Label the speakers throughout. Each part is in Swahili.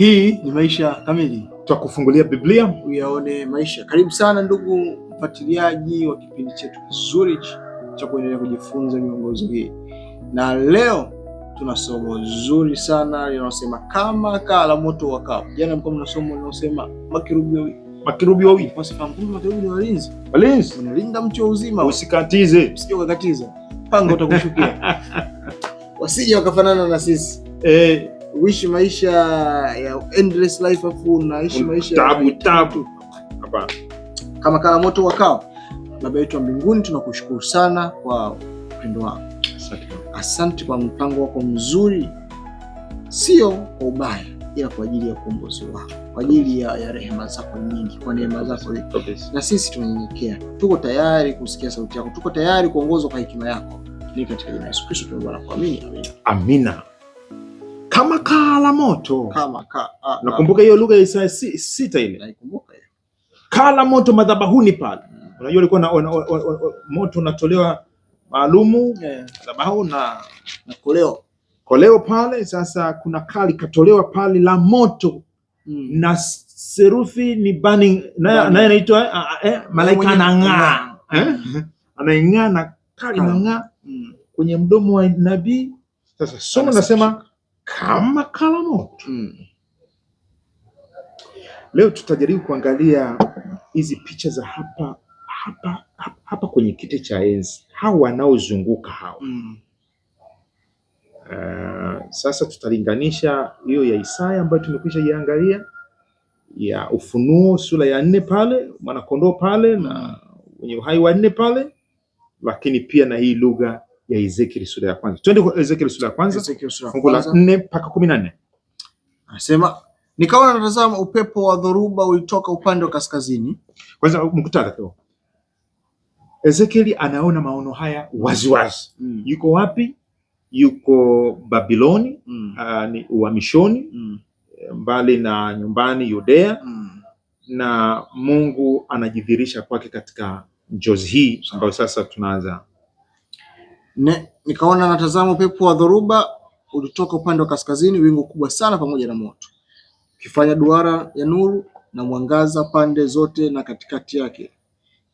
Speaker 1: Hii ni Maisha Kamili, twakufungulia Biblia
Speaker 2: uyaone maisha. Karibu sana ndugu mfuatiliaji wa kipindi chetu kizuri cha kuendelea kujifunza miongozo hii, na leo tuna somo zuri sana linalosema kama kaa la moto wakao. Jana mko na somo linalosema makerubi wawili
Speaker 1: makerubi wawili
Speaker 2: kwa sifa ngumu. Makerubi ni walinzi, walinzi wanalinda mti wa uzima,
Speaker 1: usikatize,
Speaker 2: usije ukakatiza, panga utakushukia wasije wakafanana na sisi eh uishi maisha ya endless life afu unaishi maisha
Speaker 1: tabu tabu. Hapana.
Speaker 2: Kama kala moto wakao, Baba yetu wa mbinguni, tunakushukuru sana kwa upendo wako. Asante. Asante kwa mpango wako mzuri, sio kwa ubaya, ila kwa ajili ya ukombozi wako, kwa ajili ya, ya rehema zako nyingi, kwa neema zako, na sisi tunanyenyekea, tuko tayari kusikia sauti yako, tuko tayari kuongozwa kwa hekima yako,
Speaker 1: ni katika jina la Yesu Kristo tunaomba na kuamini, amina, amina kama kaa la moto
Speaker 2: kama ka, ah, ah.
Speaker 1: nakumbuka hiyo lugha ya Isaya sita ile naikumbuka hiyo kaa la moto madhabahuni pale. Unajua ulikuwa na moto unatolewa maalumu yeah. madhabahu na, na koleo koleo pale. Sasa kuna kaa likatolewa pale la moto mm. na serufi ni burning naye na, anaitwa eh, ah, eh
Speaker 2: malaika anang'aa eh?
Speaker 1: anaing'aa na kaa inangaa mm.
Speaker 2: kwenye mdomo wa nabii.
Speaker 1: Sasa somo nasema kama moto. mm. Leo tutajaribu kuangalia hizi picha za hapa hapa hapa, hapa kwenye kiti cha enzi hao wanaozunguka hao mm. Uh, sasa tutalinganisha hiyo ya Isaya ambayo tumekwisha iangalia ya Ufunuo sura ya nne pale mwanakondoo pale na wenye uhai wa nne pale, lakini pia na hii lugha ya Ezekiel sura ya kwanza. Twende kwa Ezekiel sura ya kwanza fungu la nne mpaka kumi na nne.
Speaker 2: Anasema nikaona natazama, upepo wa dhoruba ulitoka upande wa kaskazini.
Speaker 1: Kwanza mkutaka tu Ezekiel anaona maono haya waziwazi. Mm. Yuko wapi? Yuko Babiloni, mm. uh, ni uhamishoni, mm. mbali na nyumbani Yudea, mm. na Mungu anajidhihirisha kwake katika njozi hii ambayo sasa tunaanza
Speaker 2: Ne, nikaona natazama upepo wa dhoruba ulitoka upande wa kaskazini, wingu kubwa sana pamoja na moto kifanya duara ya nuru na mwangaza pande zote, na katikati yake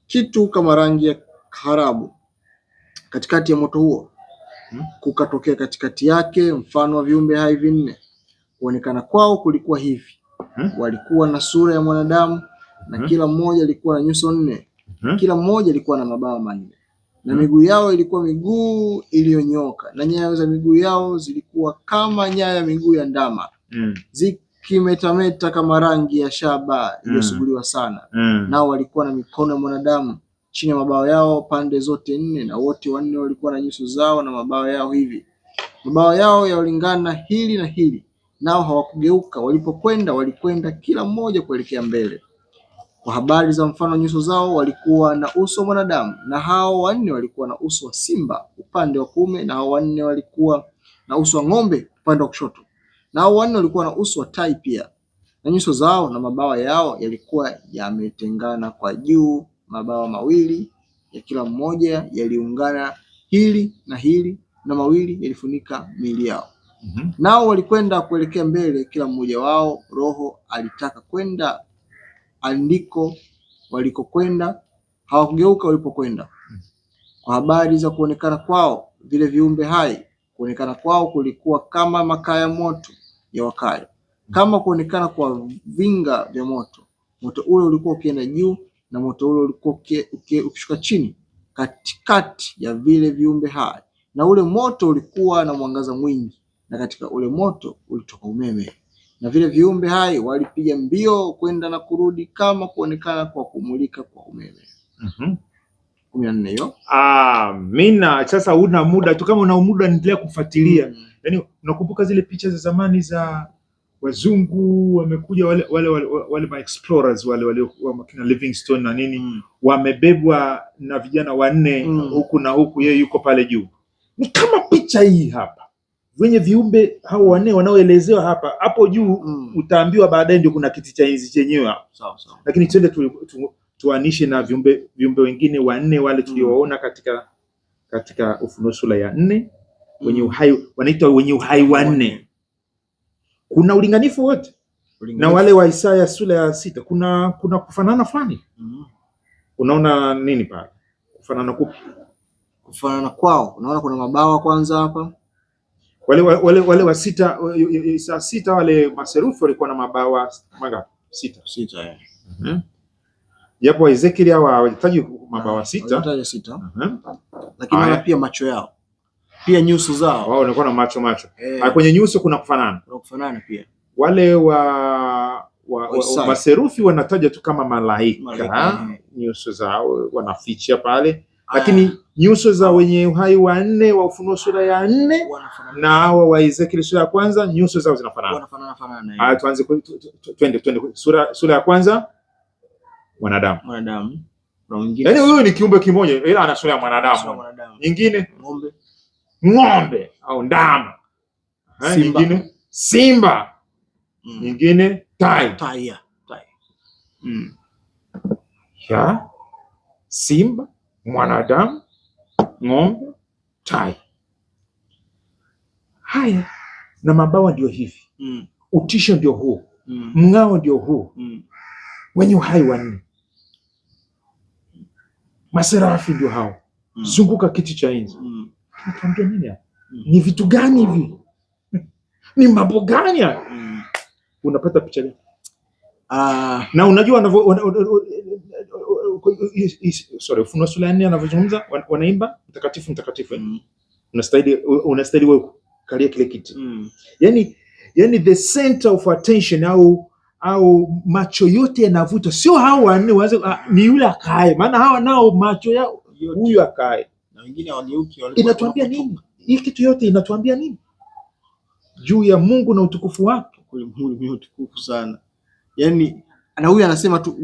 Speaker 2: kitu kama rangi ya kaharabu. Katikati ya moto huo hmm, kukatokea katikati yake mfano wa viumbe hai vinne. Kuonekana kwao kulikuwa hivi: hmm? walikuwa na sura ya mwanadamu na hmm? kila mmoja alikuwa na nyuso nne, kila mmoja alikuwa na mabawa manne na miguu yao ilikuwa miguu iliyonyoka na nyayo za miguu yao zilikuwa kama nyayo ya miguu ya ndama mm. zikimetameta kama rangi ya shaba iliyosuguliwa mm. sana mm. nao walikuwa na mikono ya mwanadamu chini ya mabao yao pande zote nne, na wote wanne walikuwa na nyuso zao na mabao yao hivi, mabao yao yalingana hili na hili, nao hawakugeuka. Walipokwenda walikwenda kila mmoja kuelekea mbele. Kwa habari za mfano nyuso zao, walikuwa na uso wa mwanadamu, na hao wanne walikuwa na uso wa simba upande wa kuume, na hao wanne walikuwa na uso wa ng'ombe upande wa kushoto, na hao wanne walikuwa na uso wa tai pia, na nyuso zao na mabawa yao yalikuwa yametengana kwa juu, mabawa mawili ya kila mmoja yaliungana hili na hili, na mawili yalifunika miili yao. Mm -hmm. Nao walikwenda kuelekea mbele, kila mmoja wao roho alitaka kwenda andiko walikokwenda, hawakugeuka walipokwenda. Kwa habari za kuonekana kwao vile viumbe hai, kuonekana kwao kulikuwa kama makaa ya moto ya wakayo, kama kuonekana kwa vinga vya moto. Moto ule ulikuwa ukienda juu na moto ule ulikuwa ukishuka chini katikati ya vile viumbe hai, na ule moto ulikuwa na mwangaza mwingi, na katika ule moto ulitoka umeme na vile viumbe hai walipiga mbio kwenda na kurudi kama kuonekana kwa kumulika kwa umeme. mm kumi na nne hiyo.
Speaker 1: Amina. Sasa una muda tu, kama una muda endelea kufuatilia. mm. Yaani, unakumbuka zile picha za zamani za wazungu wamekuja wale wale wale, wale ma explorers wale wale wakina Livingstone na nini mm. wamebebwa na vijana wanne mm. huku na huku, yeye yuko pale juu, ni kama picha hii hapa wenye viumbe hao wanne wanaoelezewa hapa hapo juu mm. Utaambiwa baadaye ndio kuna kiti cha enzi chenyewe hapo sawa sawa, lakini twende tu, tu, tuanishe na viumbe viumbe wengine wanne wale tuliowaona mm. katika katika Ufunuo sura ya nne mm. wenye uhai wanaitwa wenye uhai wanne. Kuna ulinganifu wote na wale wa Isaya sura ya sita, kuna kuna kufanana fulani mm. Unaona nini pale kufanana, kupi
Speaker 2: kufanana kwao, unaona kuna mabawa kwanza hapa
Speaker 1: wale, wale, wale wa sita saa sita wale maserufu walikuwa na mabawa mangapi? Sita,
Speaker 2: sita yeah. mm -huh.
Speaker 1: Japo Ezekiel hawa hawajataji mabawa sita,
Speaker 2: sita. Uh mhm. -huh. Lakini wana pia macho yao pia nyuso zao
Speaker 1: wao walikuwa na macho macho eh. Kwenye nyuso kuna kufanana,
Speaker 2: kuna kufanana pia.
Speaker 1: Wale wa, wa, wa, wa maserufi wanataja tu kama malaika, malaika. Eh. Nyuso zao wanaficha pale lakini ah. nyuso za wenye uhai wanne wa Ufunuo sura ya nne na hawa wa Ezekiel sura ya kwanza nyuso zao zinafanana. Haya, tuanze twende twende, sura sura ya kwanza, mwanadamu.
Speaker 2: Mwanadamu
Speaker 1: yaani huyu ni kiumbe kimoja, ila ana sura ya mwanadamu, nyingine ng'ombe, ng'ombe au ndama, nyingine simba, mm. nyingine tai,
Speaker 2: tai, tai, mm.
Speaker 1: simba mwanadamu, ng'ombe, tai. Haya, na mabawa ndio hivi mm. Utisho ndio huu mm. Mng'ao ndio huu mm. Wenye uhai wanne, maserafi ndio hao mm. Zunguka kiti cha enzi mm. nini mm. Ni vitu gani hivi? Ni mambo gani mm. Unapata picha gani? Ah, na unajua sorry, Ufunuo sura ya nne anavyozungumza, wanaimba mtakatifu mtakatifu, mm. unastahili unastahili wewe kalia kile kiti mm. yani, yani the center of attention au au macho yote yanavuta, sio hao wanne waanze, ah, ni yule akae, maana hawa nao macho yao huyu akae na wengine waliuki. Inatuambia nini hii kitu yote? Inatuambia nini juu ya Mungu na utukufu wake?
Speaker 2: Kweli Mungu ni mtukufu sana, yani na huyu anasema tu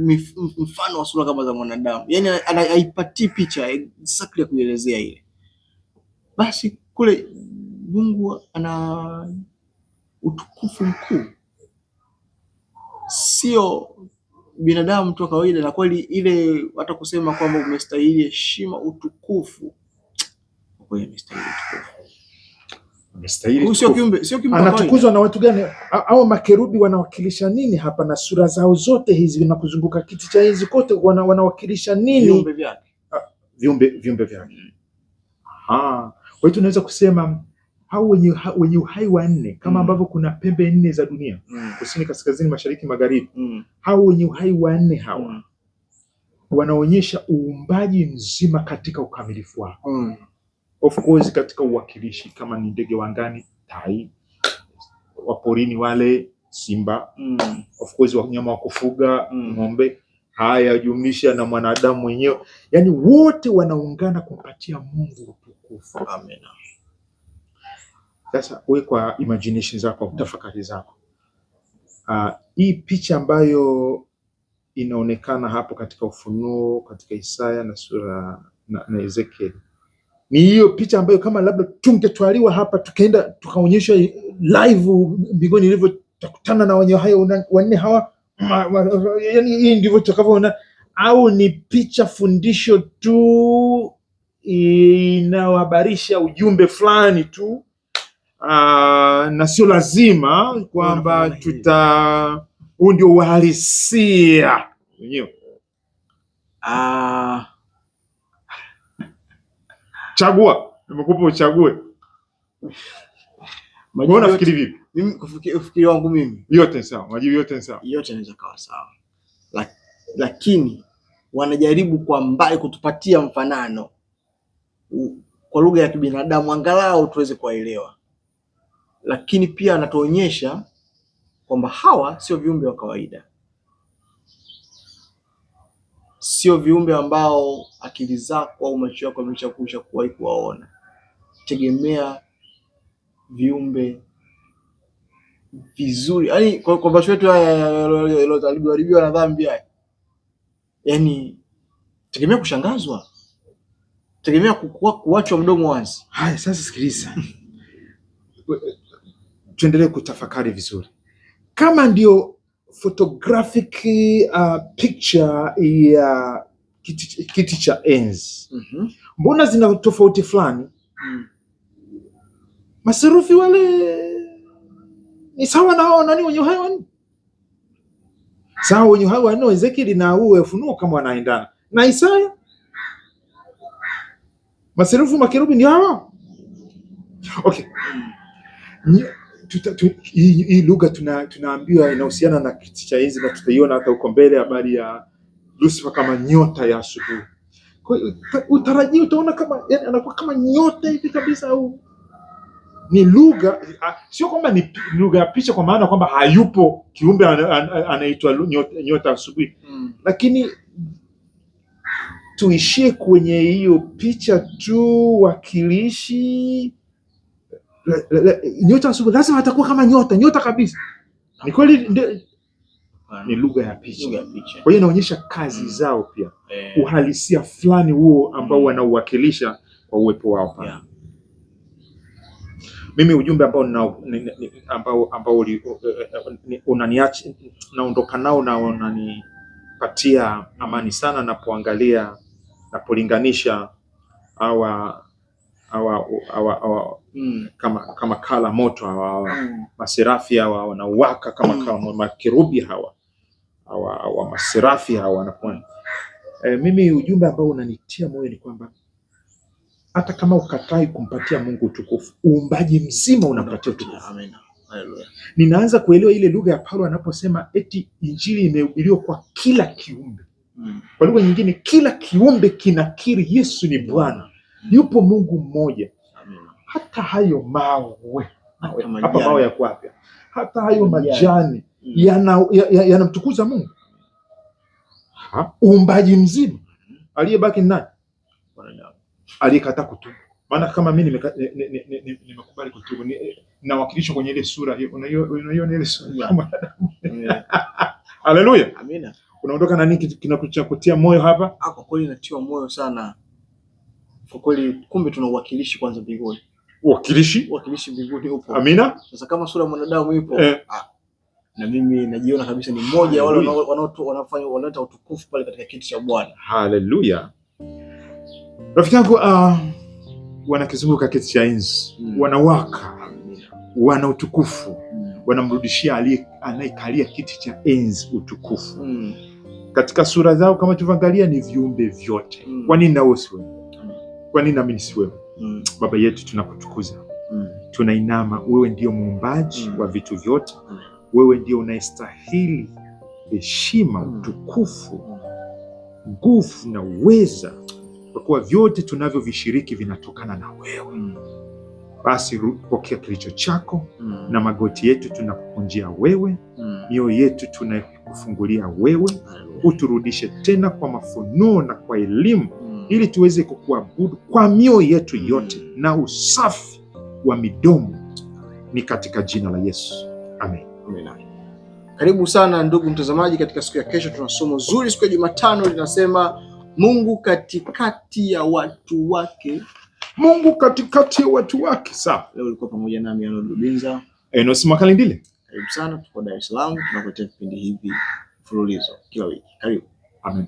Speaker 2: mfano wa sura kama za mwanadamu, yani haipatii picha exactly ya kuielezea ile. Basi kule Mungu ana utukufu mkuu, sio binadamu tu kawaida. Na kweli ile hata kusema kwamba umestahili heshima utukufu, kweli amestahili utukufu
Speaker 1: anatukuzwa na watu gani? Au makerubi wanawakilisha nini hapa? Na sura zao zote hizi na kuzunguka kiti cha enzi kote wana, wanawakilisha nini? Viumbe vyake. Kwa hiyo tunaweza kusema hao wenye, wenye uhai wa nne kama mm. ambavyo kuna pembe nne za dunia mm. kusini, kaskazini, mashariki, magharibi mm. hao wenye uhai wa nne hawa mm. wanaonyesha uumbaji mzima katika ukamilifu wao mm. Of course katika uwakilishi kama ni ndege wa tai, waporini wale simba, mm. Of course wanyama wa kufuga mm. ng'ombe, haya jumlisha na mwanadamu mwenyewe, yani wote wanaungana kumpatia Mungu utukufu. Amen. Sasa wewe kwa imagination zako, tafakari zako, uh, hii picha ambayo inaonekana hapo katika Ufunuo, katika Isaya na sura na, na Ezekieli ni hiyo picha ambayo kama labda tungetwaliwa hapa tukaenda tukaonyesha live mbinguni ilivyo, takutana na wenye hayo wanne hawa, yani hii ndivyo tutakavyoona, au ni picha fundisho tu inayohabarisha ujumbe fulani tu? Uh, na sio lazima kwamba tuta huu ndio uhalisia wenyewe. Ah, Chagua, nimekupa uchague. Majibu unafikiri vipi?
Speaker 2: Mimi kufikiri wangu mimi.
Speaker 1: Yote ni sawa, majibu yote ni sawa.
Speaker 2: Yote inaweza kawa sawa. Lakini wanajaribu kwa mbali kutupatia mfanano kwa lugha ya kibinadamu angalau tuweze kuwaelewa, lakini pia anatuonyesha kwamba hawa sio viumbe wa kawaida sio viumbe ambao akili zako au macho yako ameshakusha kuwahi kuwaona. Tegemea viumbe vizuri, yaani kwa macho yetu haya yaliyoharibiwa na dhambi haya, yaani tegemea kushangazwa, tegemea kuachwa mdomo wazi.
Speaker 1: Haya, sasa sikiliza, tuendelee kutafakari vizuri, kama ndio photographic uh, picture ya kiti, kiti cha enzi mhm. mbona mm -hmm. zina tofauti fulani mm. Masurufi wale ni sawa na hao nani wenye uhai wanne, sawa wenye uhai wanne Ezekieli na uwe Ufunuo kama wanaendana na Isaya. Masurufi makerubi ni hawa okay. Mm hii, hii lugha tuna, tunaambiwa inahusiana na kiti cha enzi na tutaiona hata huko mbele habari ya Lucifer kama nyota ya asubuhi. Kwa hiyo utaona kama yani, anakuwa kama nyota hivi kabisa, au ni lugha, sio kwamba ni lugha ya picha, kwa maana kwamba hayupo kiumbe anaitwa nyota, nyota asubuhi mm. Lakini tuishie kwenye hiyo picha tu, wakilishi la, la, la, nyota asubuhi lazima atakuwa kama nyota nyota kabisa. Ni kweli ah, ni lugha ya picha. Kwa hiyo inaonyesha kazi mm. zao pia eh. Uhalisia fulani huo ambao mm. wanauwakilisha kwa uwepo wao pale yeah. Mimi ujumbe ambao ambao ambao unaniacha naondoka nao na unanipatia amani sana, napoangalia napolinganisha hawa awa, awa, awa, mm. kama kama kala moto hawa mm. maserafi hawa wanauwaka kama mm. kama makerubi hawa hawa, hawa maserafi hawa wanakuwa e, mimi ujumbe ambao unanitia moyo ni kwamba hata kama ukatai kumpatia Mungu utukufu, uumbaji mzima unapatia utukufu. Amina. Ninaanza kuelewa ile lugha ya Paulo anaposema eti injili imehubiriwa kwa kila kiumbe mm. kwa lugha nyingine, kila kiumbe kinakiri Yesu ni Bwana Yupo Mungu mmoja, hata hayo mawe hapa, mawe ya wapi? Hata hayo majani mm. yanamtukuza Mungu. Uumbaji mzima, aliyebaki nani? Aliyekataa kutubu. Maana kama mimi nimekubali kutubu, nawakilishwa kwenye ile sura hiyo, unaiona ile sura. Haleluya, amina. Unaondoka na nini kinachokutia moyo hapa?
Speaker 2: Ah, kwa kweli natiwa moyo sana kwa kweli, kumbe tuna uwakilishi kwanza mbinguni.
Speaker 1: Uwakilishi,
Speaker 2: uwakilishi mbinguni upo. Amina. Sasa kama sura ya mwanadamu ipo eh, ah, na mimi najiona kabisa ni mmoja wale wanaofanya wanaleta utukufu pale katika kiti cha Bwana.
Speaker 1: Haleluya. Rafiki yangu uh, wanakizunguka kiti cha enzi hmm. wanawaka wana utukufu hmm. wanamrudishia anayekalia kiti cha enzi utukufu hmm. Katika sura zao kama tulivyoangalia ni viumbe vyote mm. Kwa nini na wewe kwa nini nami nisiwewe? mm. Baba yetu tunakutukuza, mm. tunainama. Wewe ndio muumbaji mm. wa vitu vyote mm. wewe ndio unayestahili heshima, mm. utukufu mm. nguvu na uweza, kwa kuwa vyote tunavyovishiriki vinatokana na wewe mm. Basi pokea kilicho chako mm. na magoti yetu tunakukunjia wewe mm. mioyo yetu tunakufungulia wewe mm. uturudishe tena kwa mafunuo na kwa elimu ili tuweze kukuabudu kwa mioyo yetu mm. yote na usafi wa midomo, ni katika jina la Yesu amen.
Speaker 2: Amen. Karibu sana ndugu mtazamaji, katika siku ya kesho tuna somo zuri, siku ya Jumatano linasema Mungu katikati ya watu wake.
Speaker 1: Mungu katikati ya watu wake. Sawa,
Speaker 2: leo ulikuwa pamoja nami Arnold Rubinza,
Speaker 1: Enos Makalindile.
Speaker 2: Karibu sana, tuko Dar es Salaam, tunakuletea vipindi hivi mfululizo kila wiki. Karibu. Amen.